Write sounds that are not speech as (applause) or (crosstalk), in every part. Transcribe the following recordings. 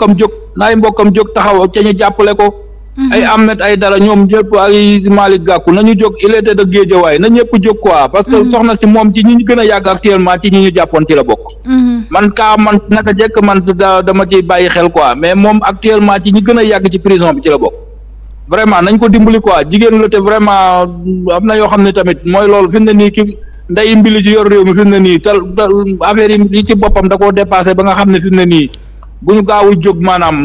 mbokkam jóg na ay mbokkam jóg taxaw ca ñu jàppale ko mhm. ay Ahmed ay dara ñoom ñëpp ay Malick Gakou nañu jóg il était de Guédiawaye na ñëpp jóg quoi parce que mhm. soxna si moom ci ñi ñu gën a yàgg ci ñi ñu jàppoon ci la bokk mhm. man kaa man naka jekk man dama ci bàyyi xel quoi mais moom actuellement ci ñi gën a yàgg ci prison bi ci la bokk vraiment nañ ko dimbali quoi jigéen la te vraiment am na yoo xam ne tamit mooy loolu fi mu nii ki ndey mbili ji yor réew mi nii tal affaire yi ci boppam da koo dépassé ba nga xam ne fi mu nii bu ñu gaaw a jóg maanaam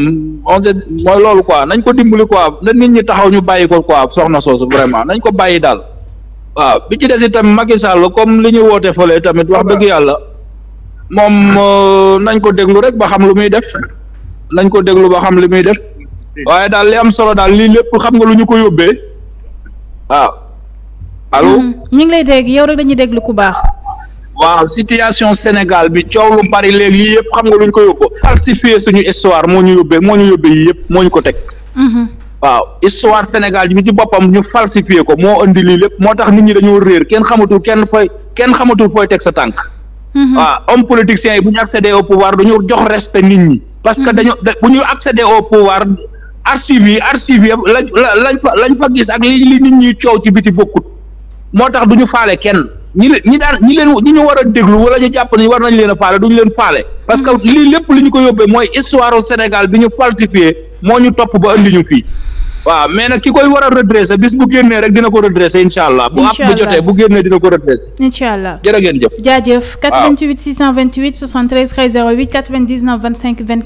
on mooy loolu quoi nañ ko dimbali quoi na nit ñi taxaw ñu bàyyi ko quoi soxna soosu vraiment nañ ko bàyyi daal waaw bi ci des itam Macky Sall comme li ñu woote fële tamit wax dëgg yàlla moom euh, nañ ko déglu rek ba xam lu muy def nañ ko déglu ba xam li muy def waaye daal li am solo daal lii lépp xam nga lu ñu ko yóbbee waaw allo. Hmm. ñu ngi lay dégg yow rek dañuy déglu ku baax. waaw situation Sénégal bi coow lu bari léegi lii yëpp xam nga luñ ko yóbboo falsifier suñu histoire moo ñu yóbbee moo ñu yóbbee yii yëpp moo ñu ko teg. Mhm. waaw histoire Sénégal bi ci boppam ñu falsifier ko moo indi lii lépp moo tax nit ñi dañoo réer kenn xamatul kenn fooy kenn xamatul fooy teg sa tànk. Mhm. waaw homme politicien yi bu ñu accédé au pouvoir dañoo jox respect nit ñi. parce que mhm. dañoo bu ñu accédé au pouvoir archives yi archives yi lañ fa lañ fa gis ak li li nit ñi coow ci biti bokkut moo tax du ñu faale kenn. ñi leen ñi daal ñi leen ñi ñu war déglu wala ñu jàpp ne war nañ leen a faale duñu leen faale parce que lii lépp li ñu ko yóbbee mooy histoire au Sénégal bi ñu falsifié moo ñu topp ba andi ñu fii waaw mais nag ki koy war a redresser bis bu génnee rek dina ko redresser incha allah. bu àpp bu jotee bu génnee dina ko redresser. incha allah jërë ngeen jëf. jaajëf 88 628 73 13 08 99 25 24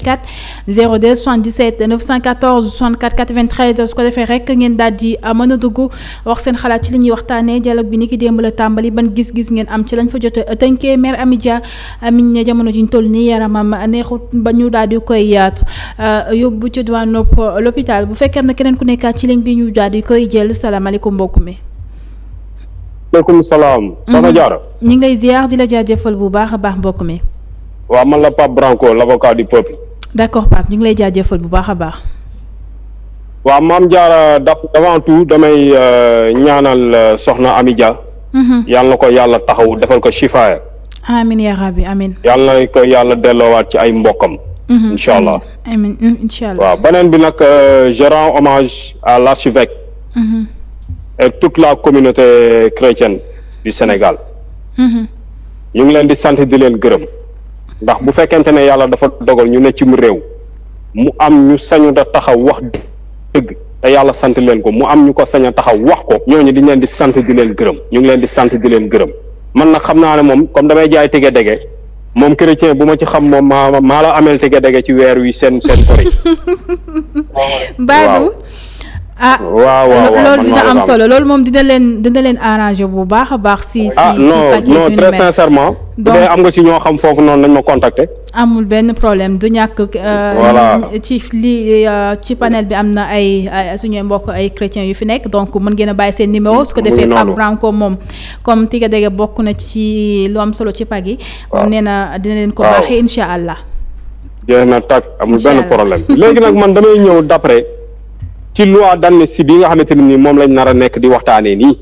02 77 914 64 93 su ko defee rek ngeen daal di ah, mën a dugg wax seen xalaat ci li ñuy waxtaanee dialogue bi ni ki démb la tàmbali ngeen am ci lañ fa jotee tënkee maire Amy Dia miñ ne jamono ji ñu toll nii yaramam nekkaat ci ligne bi di koy jël salaamaaleykum mbokk mi. maaleykum salaam. sama jaar mhm. ñi ngay ziar di bu baax a baax mbokk mi. waaw man la Pape Branco l'avocat du peuple. d'accord Pape ñu ngi lay jëfal bu baax a baax. waaw maam Diarra d'avant tout damay euh, ñaanal euh, soxna Ami Dia. Mhm. yàlla na ko yàlla taxaw defal ko shifaaya. amiin yaa rabbi amiin. yàlla na ko yàlla delloowaat ci ay mbokkam. Mm-hmm. incha allah amiin mm, allah waaw beneen bi nag euh, je rends hommage à l'archevêque mm-hmm. et toute la communauté chrétienne du Sénégal mm-hmm. ñu ngi leen di sant di leen gërëm ndax bu fekkente ne yàlla dafa dogal ñu ne ci mu réew mu am ñu sañu da taxaw wax dëgg te yàlla sant leen ko mu am ñu ko sañ a taxaw wax ko ñoo ñu di leen di sant di leen gërëm ñu ngi leen di sant di leen gërëm man nag xam naa ne moom comme damay jaay tege dege moom chrétien bu ma ci xam moom maa maa la amel tege dege ci weer wi seen seen kori. (laughs) Badou ah waaw waaw loolu dina am solo loolu moom dina leen dina leen arrangé bu baax a baax. si si ah, am nga si ñoo xam foofu noonu nañ ma contacter. amul problème du ñàkk. Euh, voilà ci euh, ci panel bi am na ay suñuy mbokk ay chrétiens yu fi donc mën ngeen a bàyyi seen numéro. su ko defee Pape Branco moom comme Tiga Dege bokk na ci lu am solo ci pag yi. waaw nee na dina leen ko baaxee incha allah. jeex na tàkk amul benn problème léegi nag man damay ñëw d' ci loi d'amnistie bi nga xamante ne ni moom lañ nar a nekk di waxtaanee nii.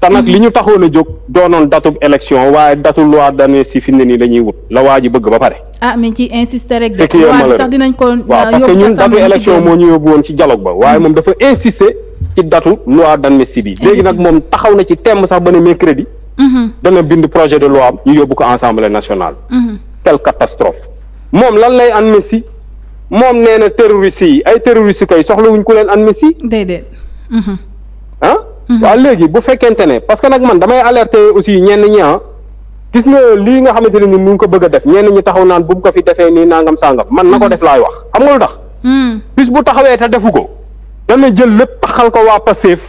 te nag li ñu taxoon a jóg doonoon datu élection waaye datu loi d'amnistie fi mu ne nii la ñuy wut la waa ji bëgg ba pare. ah mais ci insister rek. c'est sax dinañ ko euh, parce que ñun datu élection moo ñu yóbbu woon ci dialogue ba waaye moom dafa insister ci datu loi d'amnistie bi. léegi nag moom taxaw na ci thème sax ba ne mercredi. Mm-hmm. dana bind projet de loi ñu yóbbu ko assemblée nationale. Mm-hmm. telle catastrophe moom lan moom nee na terroriste yi ay terroriste koy soxlawuñ ku leen amnistie. déedéet. Mhm. ah. Mhm. waaw léegi bu fekkente ne parce que nag man damay alerter aussi ñenn ñi ah gis nga lii nga xamante ni mu ngi ko bëgg a def ñenn ñi taxaw naan bu ko fi defee nii nangam sangam man na ko mhm. def laay wax xam nga lu tax. bis bu taxawee te defu ko. dana jël lépp taxal ko waa Pastef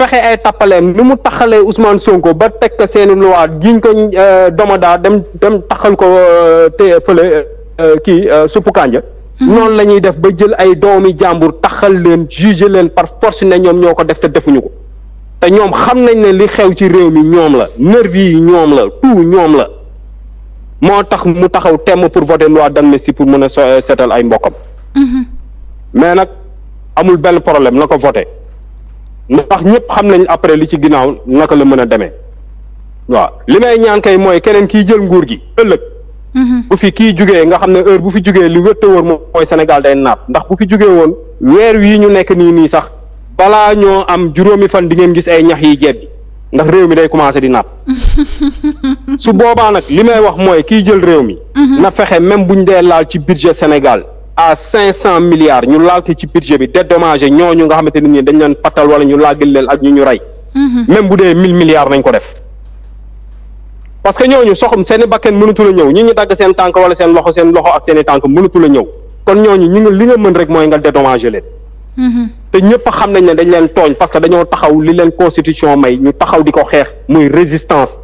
fexe ay tappaleem ni mu taxalee Ousmane Sonko ba teg seeni luwaat giñ ko euh, domadaa dem dem taxal ko euh, te fële. Euh, kii euh, suppu kànja mhm. noonu la ñuy def ba jël ay doomi jàmbur taxal leen juger leen par force ne ñoom ñoo ko def te defuñu ko te ñoom xam nañ ne li xew ci réew mi ñoom la nervi yi ñoom la tout ñoom la moo tax mu taxaw temm pour voter loi d'amnistie pour mën a euh, seetal ay mbokkam mhm. mais nag amul benn problème na ko voter ndax ñëpp xam nañ après li ci ginnaaw naka la mën a demee waaw li may ñaan kay mooy keneen kiy jël nguur gi ëllëg Mm-hmm. bu fi kii jógee nga xam ne heure bu fi jugee li wétta wóor mooy Sénégal day naat ndax bu fi jógee woon weer wii ñu nekk nii nii sax balaa ñoo am juróomi fan di ngeen gis ay ñax yi jebbi ndax réew mi day commencé di naat (laughs) su boobaa nag li may wax mooy kiy jël réew mi mm-hmm. na fexe même buñ dee laal ci budget Sénégal à cinq cent milliards ñu laal ki ci budget bi dédommagé ñooñu nga xamante nit ñi dañ leen pattal wala ñu laagal leen ak ñu ñu rey mm-hmm. même bu dee mille milliards nañ ko def parce que ñooñu soxum seeni i bakken mënatu la ñëw ñi ñu dagg seen tànk wala seen loxo seen loxo ak seen i tànk mënatu ñëw kon ñooñu ñi nga li nga mën rek mooy nga dédommagé leen. Mm-hmm. te ñëpp xam nañ ne dañ leen tooñ parce que dañoo taxaw li leen constitution may ñu taxaw di ko xeex muy résistance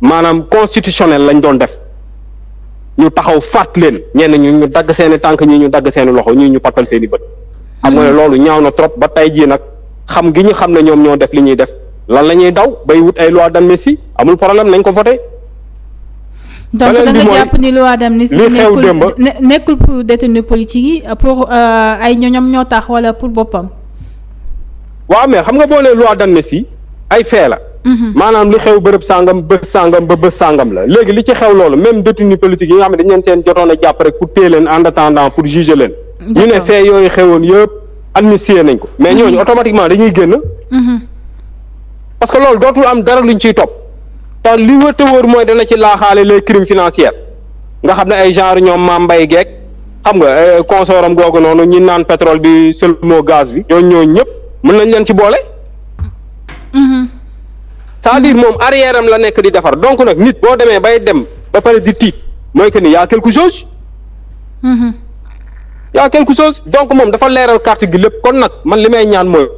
maanaam constitutionnel lañ doon def ñu taxaw faat leen ñenn ñu ñu dagg seen i tànk ñii ñu dagg seeni loxo ñii ñu patal seen i bët. xam nga ne mm-hmm. loolu ñaaw na trop ba tey jii nag xam ngi ñu xam ne ñoom ñoo def li ñuy def lan la ñuy daw bay wut ay loi d'amnistie amul problème nañ ko voté. donc da nga jàpp ni loi d'amnistie nekkul nekkul pour détenus politiques yi pour euh, ay ñoñom ñoo tax wala pour boppam. waaw mais xam nga boo nee loi d'amnistie ay fee la. Mhm. maanaam li xew bërëb sàngam bërëb sàngam ba bërëb sàngam la léegi li ci xew loolu même détenus politiques yi nga xam ne dañ leen seen jotoon a jàpp rek pour téye leen en attendant pour juger leen. ñu ne fee yooyu xewoon yëpp amnistier nañ ko. mais ñooñu mhm. automatiquement dañuy génn. Mhm. parce que loolu dootul am dara luñ ciy topp te li wër te mooy dana ci laaxaale les crimes financière nga xam ne ay genre ñoom maam mbay geek xam nga euh, consoram googu noonu ñi naan pétrole bi moo gaz bi ñooñu ñooñu ñëpp mën nañ leen ci boole. Mm-hmm. cest à mm-hmm. moom arrière am la nekk di defar donc nag nit boo demee bay dem ba pare di tiit mooy que ni y a quelque chose. Mm-hmm. y quelque chose donc moom dafa leeral carte gi lépp kon nag man li may ñaan mooy.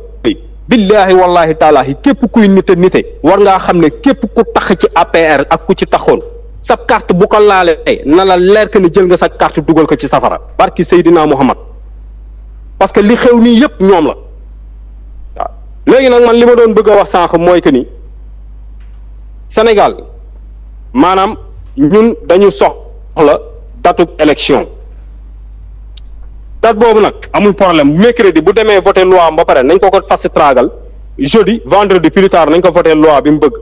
billaahi wallaahi taalaahi képp kuy nite nite war ngaa xam ne képp ku tax ci APR ak ku ci taxoon sa carte bu ko laalee na la leer que ne jël nga sa carte dugal ko ci safara barki Seydina Muhammad parce que li xew nii yëpp ñoom la waaw léegi nag man li ma doon bëgg a wax sànq mooy que ni Sénégal maanaam ñun dañu soxla datub élection date boobu nag amul problème mercredi bu demee voté loi am ba pare nañ ko ko fast tragal jeudi vendredi plus tard nañ ko voté loi bi mu bëgg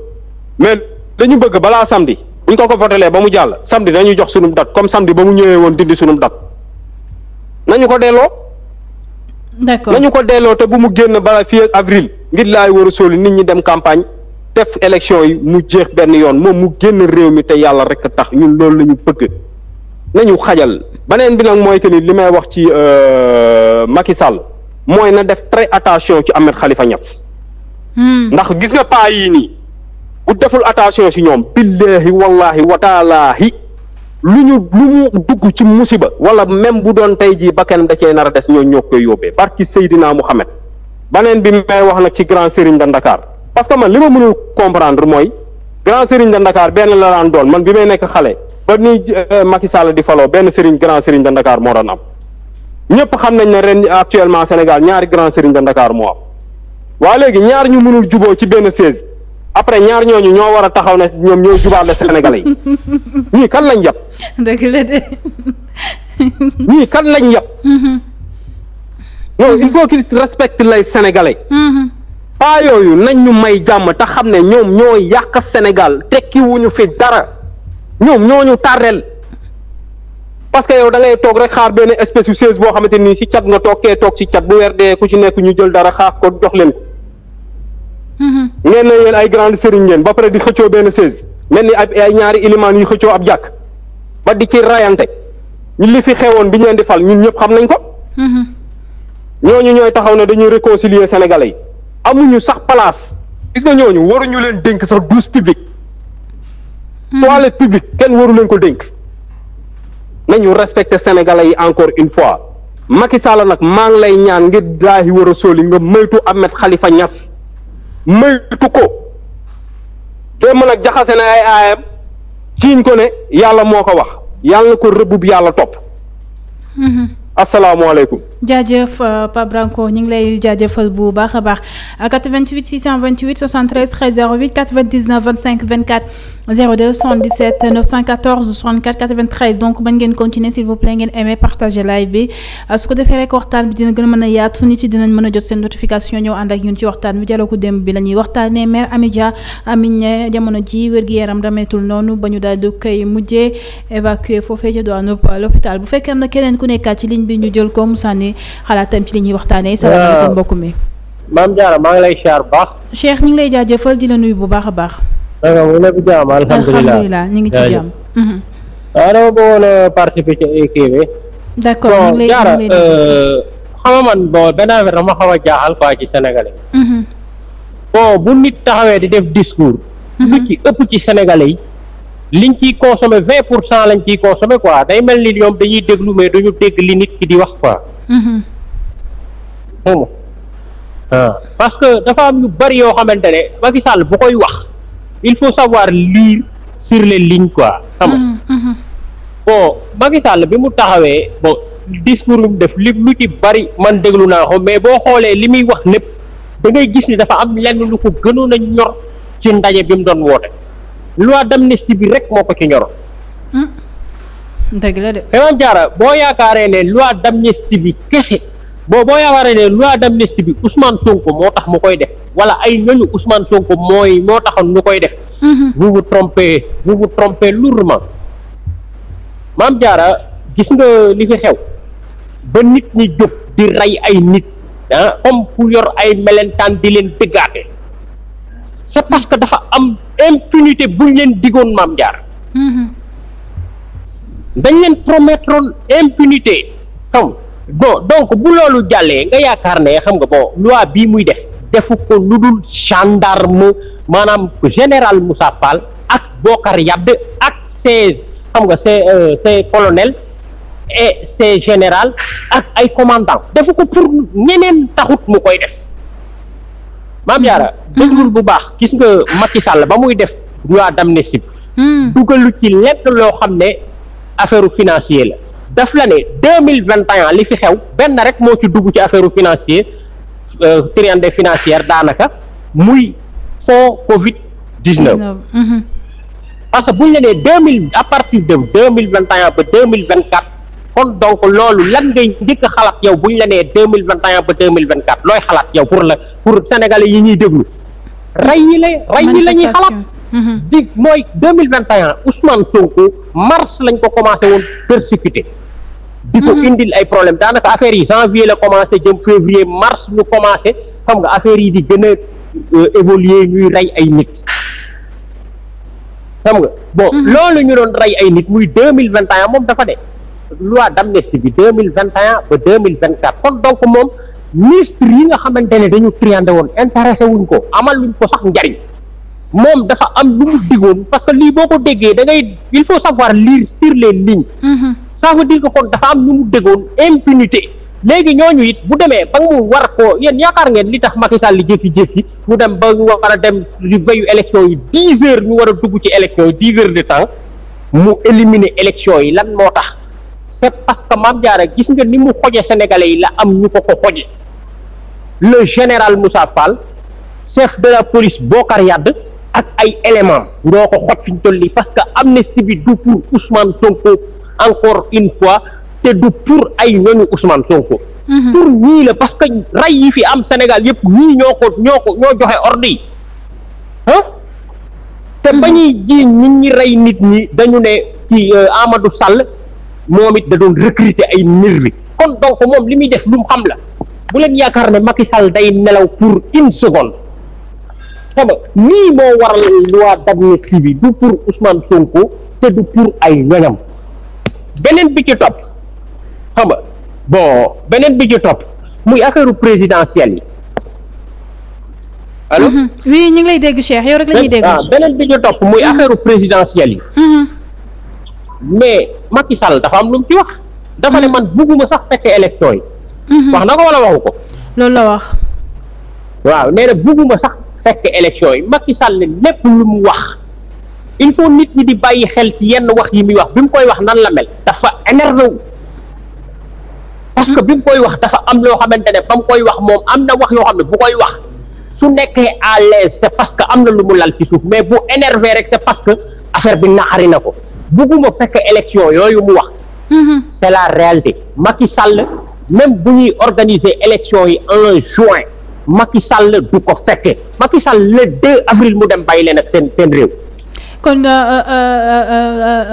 mais dañu bëgg balaa samdi buñ ko ko votélee ba mu jàll samedi nañu jox sunum date comme samedi ba mu ñëwee woon dindi sunum date nañu ko delloo. d'accord nañu ko delloo te bu mu génn balaa fi ak avril ngir laay war a sóoli nit ñi dem campagne def élection yi mu jeex benn yoon moom mu génn réew mi te yàlla rek tax ñun loolu la ñu bëgg nañu xajal. beneen bi nag mooy que ni li may wax ci euh, Macky Sall mooy na def très attention ci amet xalifa Niass. Hmm. ndax gis nga paa yii nii bu deful attention si ñoom billahi wallahi wataalaahi lu ñu lu mu dugg ci musiba wala même bu doon tey jii bakkanam da cee nara des ñoo ñoo koy yóbbee barki Seydina Mouhamed beneen bi may wax nag ci grand Serigne de Dakar parce que man li ma mënul comprendre mooy grand Serigne de Dakar benn la daan doon man bi may nekk xale. ba ni euh, Macky di faloo benn Serigne grand Serigne de Dakar moo doon am ñëpp xam nañ ne ren actuellement Sénégal ñaari grand Serigne da Dakar moo am waa léegi ñaar ñu mënul juboo ci benn siège après ñaar ñooñu ñoo war a taxaw ne ñoom ñoo jubaale Sénégalais yi (laughs) ñii kan lañ yab. dëgg la (laughs) lañ yab. Mm-hmm. non il mm-hmm. faut qu'ils respectent les Sénégalais. Mm-hmm. pas yooyu nañ ñu may jàmm te xam ne ñoom ñoo yàq Sénégal tekki wuñu fi dara. ñoom ñoo ñu tardel parce que yow da ngay toog rek xaar benn espèce yu sées boo xamante ni si cat nga toog kee toog si cat bu weer dee ku ci nekk ñu jël dara xaaf ko jox leen ko. Mm-hmm. ngeen ne yéen ay grande sëriñ ngeen ba pare di xëccoo benn sées mel ni ay ñaari ilimaan yu xëccoo ab jàkk ba di ci rayante ñu li fi xewoon bi ñu leen di fal ñun ñëpp xam nañ ko. Mm-hmm. ñooñu ñooy taxaw ne dañuy réconcilier sénégalais yi amuñu sax place gis nga ñooñu waruñu leen dénk sax douze publique Hmm. toilette publique kenn waru leen ko dénk nañu respecté sénégalais yi encore une fois Macky Sall nag maa ngi lay ñaan ngir daahi war a sóoli nga maytu Ahmed Khalifa Niass moytu ko doo mën a jaxase na ay aayam ciiñ ko ne yàlla moo ko wax yàlla na ko rëbbub yàlla topp hmm. asalaamaaleykum jaajëf euh, Pape Branco ñu ngi lay jaajëfal bu baax a baax 88 628 73 13 08 99 25 24 02 77 914 64 93 donc mën ngeen continuer s'il vous plaît ngeen aimé partager bi euh, su ko defee rek waxtaan bi dina gën a mën a yaatu nit yi dinañ mën a jot seen notification ñëw ànd ak ñun ci waxtaan bi dialogu démb bi la ñuy waxtaanee mère Amy Dia Amiñ jamono ji wér-gu-yaram dameetul noonu ba ñu daal di koy mujjee évacuer foofee ca doon l'hôpital bu fekkee am na keneen ku nekkaat ci ligne bi ñu jël ko mu sànni génnee xalaatam ci li ñuy waxtaanee. salaamaaleykum mbokk mi. maam Diarra maa ngi lay siyaar bu baax. Cheikh ñu ngi lay jaajëfal di la nuyu bu baax a baax. da nga mu nekk ñu ngi ci jàmm. waaw mhm. ah, dama bëggoon a participer ci kii bi. d'accord ñu ngi lay Diarra euh, xama man bon benn affaire dama xaw a jaaxal quoi ci sénégalais. Mhm. bon bu nit taxawee di def discours. Mhm. lu ci ëpp ci sénégalais yi. liñ ciy consommé vingt pour cent lañ ciy consommé quoi day mel ni ñoom dañuy déglu mais duñu dégg li nit ki di wax quoi. xam mm-hmm. nga ah. parce que dafa am yu bari yoo xamante ne Macky Sall bu koy wax il faut savoir lire sur les lignes quoi xam nga mm-hmm. Mm-hmm. bon Macky bi mu taxawee bon discours bi mu def li lu ci bari man déglu naa ko mais boo xoolee li muy wax lépp da ngay gis ni dafa am lenn lu ko gënoon a ñor ci ndaje bi mu doon woote loi d'amnistie bi rek moo ko ci ñoro mm. dëgg la te maam Diarra boo yaakaaree ne loi d'amnistie bi kese boo boo yaakaaree ne loi d'amnistie bi Ousmane Sonko moo tax mu koy def wala ay ñooñu Ousmane Sonko mooy moo taxoon ñu koy def. Mhm. vous vous trompez vous vous trompez maam Diarra gis nga li fi xew ba nit ñi jóg di rey ay nit ah comme ku yor ay melentaan di leen dëggaate c'est parce que dafa am impunité buñ leen digoon maam Diarra. Mhm. dañ leen promettroon impunité xam bon donc bu loolu jàllee nga yaakaar ne xam nga bon loi bii muy def defu ko lu dul gendarme maanaam général Moussa Fall ak Bokar Yabde ak ses xam nga ses euh, ses colonels et ses généraux ak ay commandants defu ko pour ñeneen taxut mu koy def maam Diarra mm-hmm. déglul bu baax gis nga Macky ba muy def loi d'amnistie mm-hmm. dugalu ci lépp loo xam ne affaire financier la def la ne deux mille vingt et li fi xew benn rek moo ci dugg ci affaire financier euh, de financière daanaka muy fond Covid dix neuf mhm. parce que bu ñu la nee deux mille à partir de deux mille vingt et un ba deux mille vingt quatre kon donc loolu a yow bu ñu la nee mille vingt et un ba deux mille vingt quatre looy xalaat yow pour la pour sénégalais yi ñuy déglu rey yi la rey yi la xalaat dig mooy deux mille vingt et un Ousmane Sonko mars lañ ko commencé woon persécuté di ko indil ay problème daanaka affaire yi janvier la commencé jëm février mars ñu commencé xam nga affaire yi di gën a euh, évoluer ñuy rey ay nit xam nga bon mm-hmm. loolu ñu doon rey ay nit muy deux mille vingt et moom dafa de loi d'amnistie bi deux mille vingt et un ba deux mille vingt quatre kon donc moom ministre yi nga xamante ne dañu triandé woon intéressé wuñ ko amal luñ ko sax njariñ moom dafa am lu mu digoon parce que lii boo ko déggee da ngay il faut savoir lire sur les lignes. Mhm. ça veut dire que kon dafa am lu mu déggoon impunité. léegi ñooñu it bu demee ba mu war koo yéen yaakaar ngeen li tax Macky Sall jékki-jékki mu dem ba mu war a dem di veyu élection yi dix heures ñu war a dugg ci élection yi dix heures de temps mu éliminer élection yi lan moo tax c'est parce que Mame Diarra gis nga ni mu xoje sénégalais yi la am ñu ko ko xoje le général Moussa Fall chef de la police Bokar Yade ak ay éléments ñoo ko xot fi ñu parce que amnistie bi du pour Ousmane Sonko encore une fois te du pour ay ñooñu Ousmane Sonko. Mhm. pour ñii la parce que rey yi fi am Sénégal yëpp ñii ñoo ko ñoo ko ñoo joxe ordre yi ah. te ba mhm. ñuy ji ñi ñi rey nit ñi dañu ne ci euh, Amadou Sall moom it da doon recruter ay nervi kon donc moom li muy def lu mu xam la bu leen yaakaar ne Macky Sall day nelaw pour une seconde. xam nga nii moo waral loi d'amnistie bi du pour Ousmane Sonko te du pour ay ñoñam beneen bi ci topp xam nga beneen bi ci topp muy affaire présidentielle yi allo. Mhm. oui ñu ngi lay dégg Cheikh yow rek la ñuy dégg. Ah, beneen bi ci topp muy mhm. affaire présidentielle yi. Mhm. mais Macky Sall dafa am lu mu ci wax. dafa ne man bugguma sax fekke élection yi. wax na ko wala waxu ko. loolu la wax. waaw nee na bugguma sax. fekk élection yi Macky Sall lépp lu mu wax il faut nit ñi di bàyyi xel ci yenn wax yi muy wax bi mu koy wax nan la mel dafa énervé wu parce que bi mu koy wax dafa am yoo xamante ne ba mu koy wax moom am na wax yoo xam ne bu koy wax su nekkee à l'aise c'est parce que am na lu mu lal ci suuf mais bu énervé rek c'est parce que affaire bi naqari na ko bugguma fekk élection yooyu mu wax mm-hmm. c'est la réalité Macky Sall même bu ñuy organiser élection yi en juin Macky Sall du ko fekkee Macky Sall le 2 avril mu dem bay leen ak seen seen réew. kon euh, euh,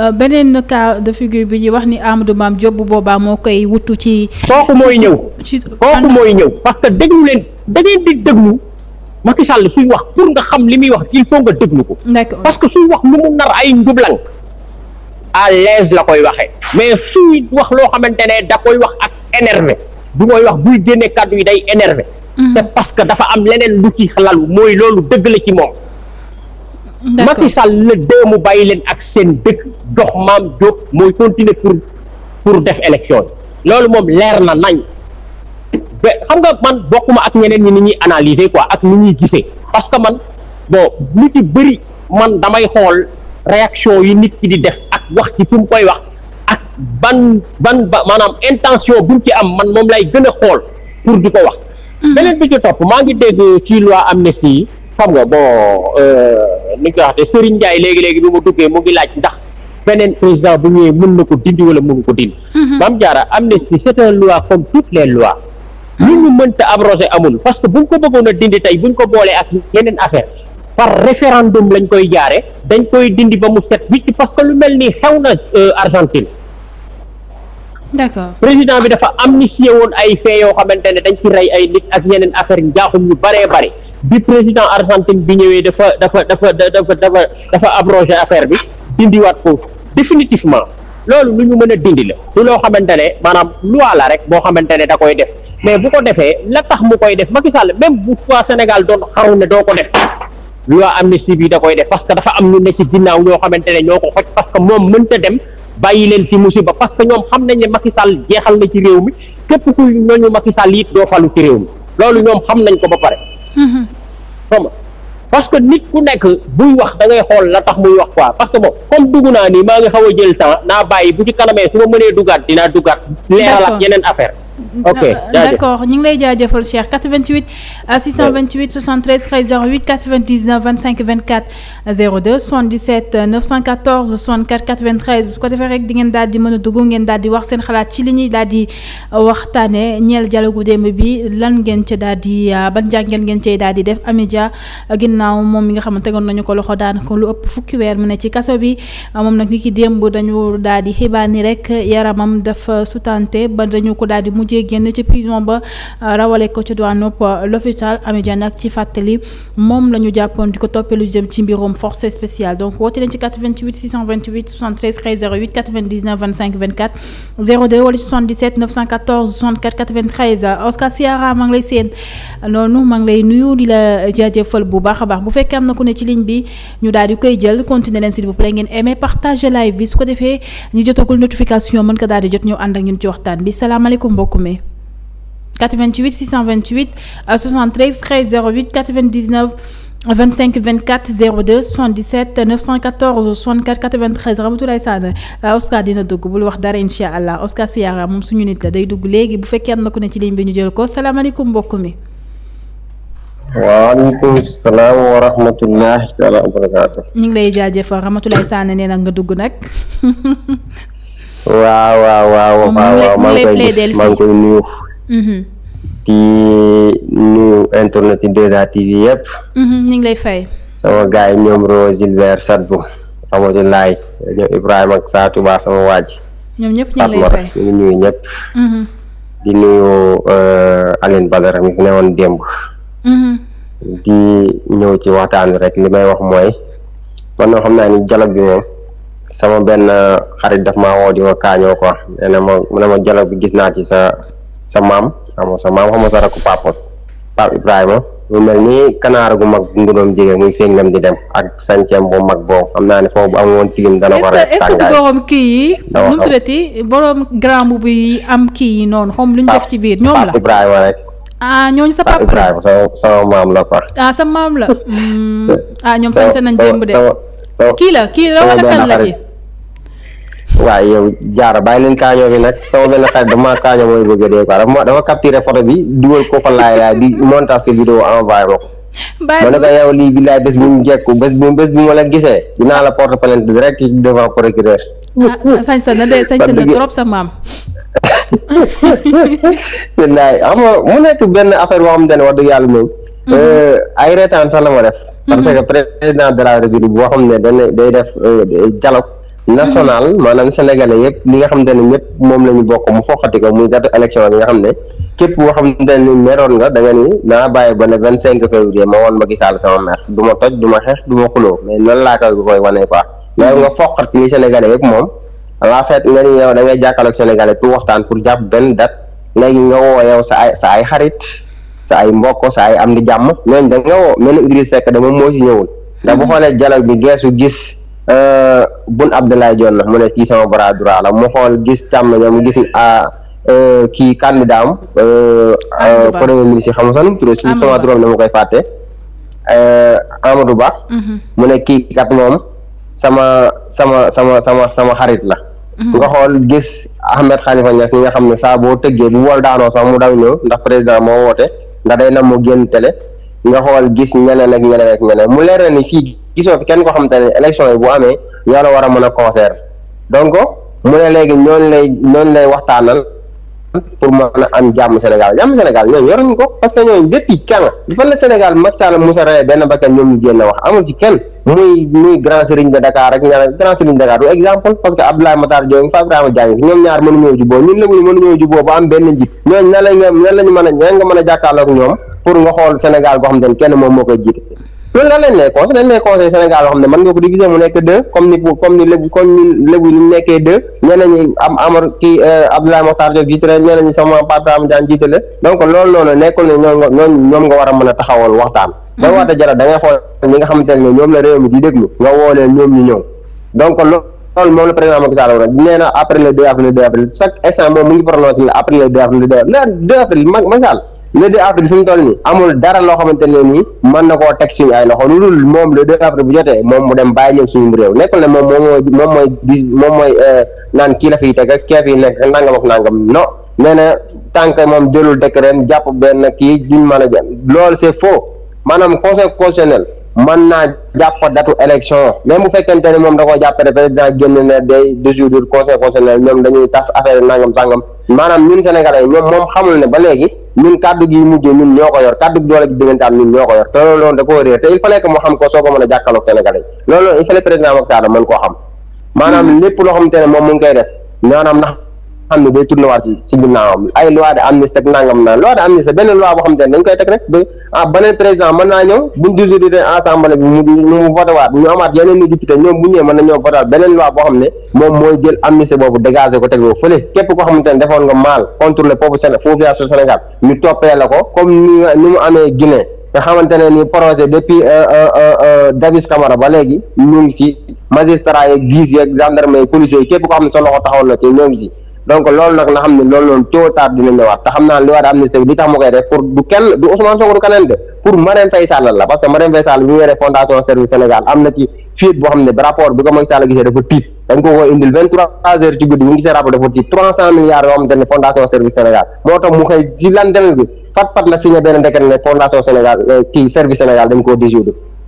euh, beneen cas de figure bi ñuy wax ni Amadou maam Diop bu boobaa moo koy wutu ci. kooku mooy ñëw kooku mooy ñëw parce que déglu leen da di déglu Macky Sall suy wax pour nga xam li muy wax il faut nga déglu ko. parce que suy wax lu mu nar ay njublang à l'aise la koy waxee mais suy wax loo xamante ne da koy wax ak énervé bu koy wax buy génne kàddu yi day énervé. Mm-hmm. c'est parce que dafa am leneen lu ci lalu mooy loolu dëgg la ci moom Macky Sall la dee mu bàyyi leen ak seen dëkk dox maam Diop mooy continuer pour pour def élection yi loolu moom leer na nañ xam nga man bokkuma ak ñeneen ñi ni ñuy analyser quoi ak ni ñuy gisee parce que man bon lu ci bëri man damay xool réaction yi nit ki di def ak wax ci fi mu koy wax ak ban ban ba maanaam intention bu mu ci am man moom lay gën a xool pour di ko wax beneen bi ci topp maa ngi dégg ci loi amnistie yi xam nga boo euh, ni nga wax de Serigne Ndiaye léegi léegi bi mu duggee mu ngi laaj ndax beneen président bu ñëwee mën na ko dindi wala mënu ko dindi. Mhm. Mame Diarra amnistie c'est une loi comme toutes les lois. lu ñu mënta abrogé amul parce que buñ ko bëggoon a dindi tey buñ ko boolee ak yeneen affaire par référendum lañ koy jaare dañ koy dindi ba mu set wicc parce que lu mel nii xew na euh, Argentine. d'accord président bi dafa amnistié woon ay fee yoo xamante ne dañ ci rey ay nit ak yeneen affaire njaaxum yu baree bare bi président Argentine bi ñëwee dafa dafa dafa dafa dafa dafa abrogé affaire bi dindiwaat foofu définitivement loolu lu ñu mën a dindi la du loo xamante ne maanaam loi la rek boo xamante ne da koy def mais bu ko defee la tax mu koy def Macky Sall même bu waa Sénégal doon xaru ne doo ko def loi amnistie bi da koy def parce que dafa am ñu ne ci ginnaaw ñoo ne ñoo ko xoj parce que dem bàyyi leen ci musiba parce que ñoom xam nañ ne Macky Sall jeexal na ci réew mi képp kuy ñooñu Macky Sall it doo falu ci réew mi loolu ñoom xam nañ ko ba pare mm-hmm. xam parce que nit ku nekk buy wax da ngay xool la tax muy wax quoi parce que bon comme dugg naa nii maa ngi xaw a jël temps naa bàyyi bu ci kanamee su ma mënee dugaat dinaa dugaat ak yeneen affaire ok d' accord ñu ngi lay jaajëfal Cheikh 88 628 73 13 08 99 25 24 02 77 914 64 93 su ko defee rek di ngeen daal di a dugg ngeen daal di wax seen xalaat ci li ñuy daal di euh, waxtaanee ñeel dialogu démb bi lan ngeen ca daal di euh, ban jàngeen ngeen cay daal di def Amidia euh, ginnaaw moom mi nga xamante tegoon nañu ko loxo daanaka lu ëpp fukki weer mu ne ci kaso bi moom nag ni ki démb dañu daal di xibaar ni rek ko daal génn ci prison ba euh, rawale ko ci douaneub euh, l'hôpital Amédiane nag ci fàttali moom la ñu jàppoon di ko toppee lu jëm ci mbirum force spéciale donc woote leen ci 88 628 73 lay seen noonu maa ngi lay nuyu di la jaajëfal bu baax a baax bu fekkee am na ku ne ci ligne bi ñu daal di koy jël continuer leen s'il vous plaît ngeen aimer partager live bi su ko defee ñi jotagul notification mën ko daal di jot ñëw ànd ak ñun ci waxtaan bi salaamaaleykum mbokk mi 88 628 73 13 08 99 25 24 02 77 914 64 93 Ramatoulaye Sané Oscar dina dugg bul wax dara incha allah Oscar Siyaara moom suñu nit la day dugg léegi bu fekkee am na ku ne ci ligne bi ñu jël ko salaamaaleykum mbokk mi. waaleykum salaam wa rahmatullahi taala wa barakaatu. ñu ngi lay jaajëfal Ramatoulaye Sané nee na nga dugg nag. waaw waaw waaw. waaw waaw maa Mhm. di nuyu internet yi 2A TV yëpp. Mhm, ñu lay fay. sama gars yi ñoom Rose Gilbert Sadbu Amadulaay ñoom Ibrahima ak Saatu Ba sama waaj. ñoom ñëpp ñu lay fay ñu nuyu ñëpp. Mhm. di nuyu euh, Aline Badara mi fi ne woon démb. di ñëw ci waxtaan wi rek li may wax mooy man noo xam naa ni dialogue bi moom sama benn xarit daf maa woo di ma kaañoo quoi nee na ma mu bi gis naa ci sa sa maam xamoo sa maam xamoo sa rakku papoot Pape Ibrahima mu mel ni kanaar gu mag ngu doon jege muy feeñ lam di dem ak sanceem bu mag boobu xam naa ne foofu bu amoon tilim dana ko rek est bu am kii yi noonu xam lu ñu ci biir ñoom la Pape Ibrahima rek ah ñooñu sa papa Ibrahima sa sama maam la quoi ah sa maam la mm. ah ñoom sañse nañ démb de kii la kii la wala kan la ci waaye yow jaara bàyyi leen kaañoo bi nag sama benn xarit damaa kaañoo mooy bëgg dee bi dugal ko ko laay ma ko. ma ne ko yow lii bi laay bés ma la gisee dinaa la porte plainte direct ah, ah, sañ sa de sañ sa na trop sa maam. wallaay (laughs) xam nga mu nekk benn affaire boo xamante ne wax dëgg yàlla moom. Mhm. Euh, ay reetaan sax ma def. Mhm. parce que président de la boo xam ne dañ day def euh, dialogue. national maanaam sénégalais yëpp li nga xam ne ñëpp moom la bokk mu foqati ko muy datu élection bi nga xam ne képp boo xam ne ni meroon nga da nga ni naa bàyyi ba ne vingt cinq février ma woon Macky Sall sama mer du ma toj du ma xeex du ma xuloo mais loolu laa koy nga foqati ni sénégalais yëpp moom la fait nga ni yow da ngay jàkkaarloog sénégalais pour waxtaan pour jàpp benn date léegi nga woo yow sa ay sa xarit sa ay mbokk sa ay am di jàmm ñooñu da nga woo mel ni Idriss Seck dama moo ci ñëwul ndax bu xoolee dialogue bi geesu gis Euh, Boun Abdallah Dionne mu ne kii sama bras droit la mu xool gis càmmoñam gis ah, euh, kii candidat am euh, premier ministre yi xam nga sax turé su sama turam dama koy fàtte Amadou Ba mhm. mu ne kii kat moom sama sama sama sama sama xarit la mhm. nga xool gis Ahmed Khalifa Niass ñi nga xam ne saa boo tëggee bu wol daanoo sax mu daw ñëw ndax président moo woote ndax day nam moo génn télé nga xool gis ñeneen ak ñeneen ak ñeneen mu leer na ni fii gisoo kenn ko xam te ne élection yi bu amee ñoo la war a mën a concert donc mu ne léegi ñooñu lay ñooñu lay waxtaanal pour mën a am jàmm Sénégal jàmm Sénégal ñooñu yoruñu ko la Sénégal Macky benn bakkan wax amul ci kenn muy muy grand serigne de Dakar rek ñaar grand serigne de Dakar du exemple parce que Abdoulaye Matar Diop Fa Ibrahima Diagne ñoom ñaar mënuñoo juboo ñun léegi mënuñoo juboo ba am benn njiit ñooñu nan lañ nan lañu mën a nga mën a jàkkaarloog ñoom pour nga xool Sénégal boo xam ne kenn moom moo koy jiite loolu lan lañ lay conseil dañ lay conseil Sénégal yoo xam ne mën nga ko diviser mu nekk deux comme ni comme ni lébu comme ni nekkee deux ñeneen ñi am Amar kii euh, Abdoulaye Mokhtar Diop jiite la ñeneen ñi sama Pape Am Diagne jiite la donc loolu noonu nekkul ne ñoom nga war a mën a taxawal waxtaan. Mhm. ba war a jaral da ngay xool ñi nga xamante ne ñoom la réew mi di déglu nga woo ñoom ñu ñëw donc loolu moom la président Macky Sall wax nee na après le 2 avril le après le 2 avril fi mu toll nii amul dara loo xamante ne nii mën na koo teg suñu ay loxo lu dul moom le 2 avril bu jotee moom mu dem bàyyi ñëw suñu réew nekkul ne moom moom mooy moom mooy di euh, mooy naan kii la fii teg ak kee fii nekk nangam ak nangam non nee na tànk moom jëlul dëkk ren jàpp benn kii duñ mën a jël loolu c'est faux maanaam conseil constitutionnel man naa jàpp datu élection même bu fekkente ne moom da koo jàppale président génn ne day dissoudre conseil constitutionnel ñoom dañuy tas affaire nangam sangam maanaam ñun sénégalais yi ñoom moom xamul ne ba léegi ñun kàddu gi mujj ñun ñoo ko yor kàddu gi doole gi diggantaan ñun ñoo ko yor te loolu loolu da koo réer te il fallait que mu xam ko soo ko mën a jàkkaarloog sénégalais yi loolu il fallait président Macky Sall mën koo xam maanaam hmm. lépp loo xamante ne moom mu ngi koy def am ne day tourné waat ci ci ginnaawam ay loi de amnistie ak nangam naa loi de amnistie benn loi boo xam ne dañ koy teg rek ba ah beneen président mën naa ñëw buñ dissoudre assemblée bi mu mu voté waat ñu amaat yeneen ni député ñoom bu mën na ñoo voté waat beneen moom mooy jël amnistie boobu dégagé ko teg ko fële képp koo xamante ne defoon nga mal contre le peuple population Sénégal ñu toppee la ko comme ni ni mu amee Guinée nga xamante ne ni projet depuis euh, euh, euh, Davis Camara ba léegi ñu ngi ci magistrat yeeg juge yeeg gendarme yeeg policiers yi képp koo xam ne sa loxo taxawoon na ci ñoo ngi ci donc loolu nag na xam ne loolu noonu tôt tard dina ñëwaat te xam naa li war a am ne li tax ma service Sénégal dañ ko koy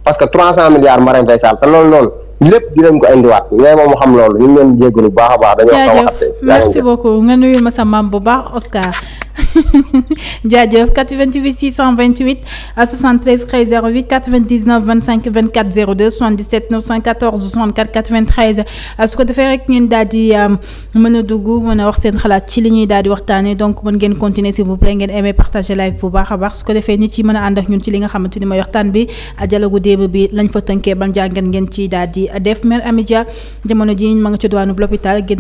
parce que trois cent milliards Marème Faye Sall te loolu noonu lépp dinañ ko indiwaat yaay moom mu xam loolu ñu ngi leen di jégalu bu baax a baax. dañoo xaw a xatte merci beaucoup nga nuyu ma sa maam bu baax Oscar. (laughs) jaajëf 88 628 73 13 08 99 25 24 02 77 914 64 93 su ko defee rek ngeen daal di euh, mën a dugg mën a wax seen xalaat ci li ñuy daal di waxtaanee donc mën ngeen continuer s'il vous plaît ngeen aimer partager live bu baax a baax su ko defee nit yi mën a ànd ak ñun ci li nga xamante ni mooy waxtaan bi ah, démb bi lañ fa tënkee ban jàngat ngeen ci daal di def mère Amidia jamono ji ma nga ci diwaanu l'hôpital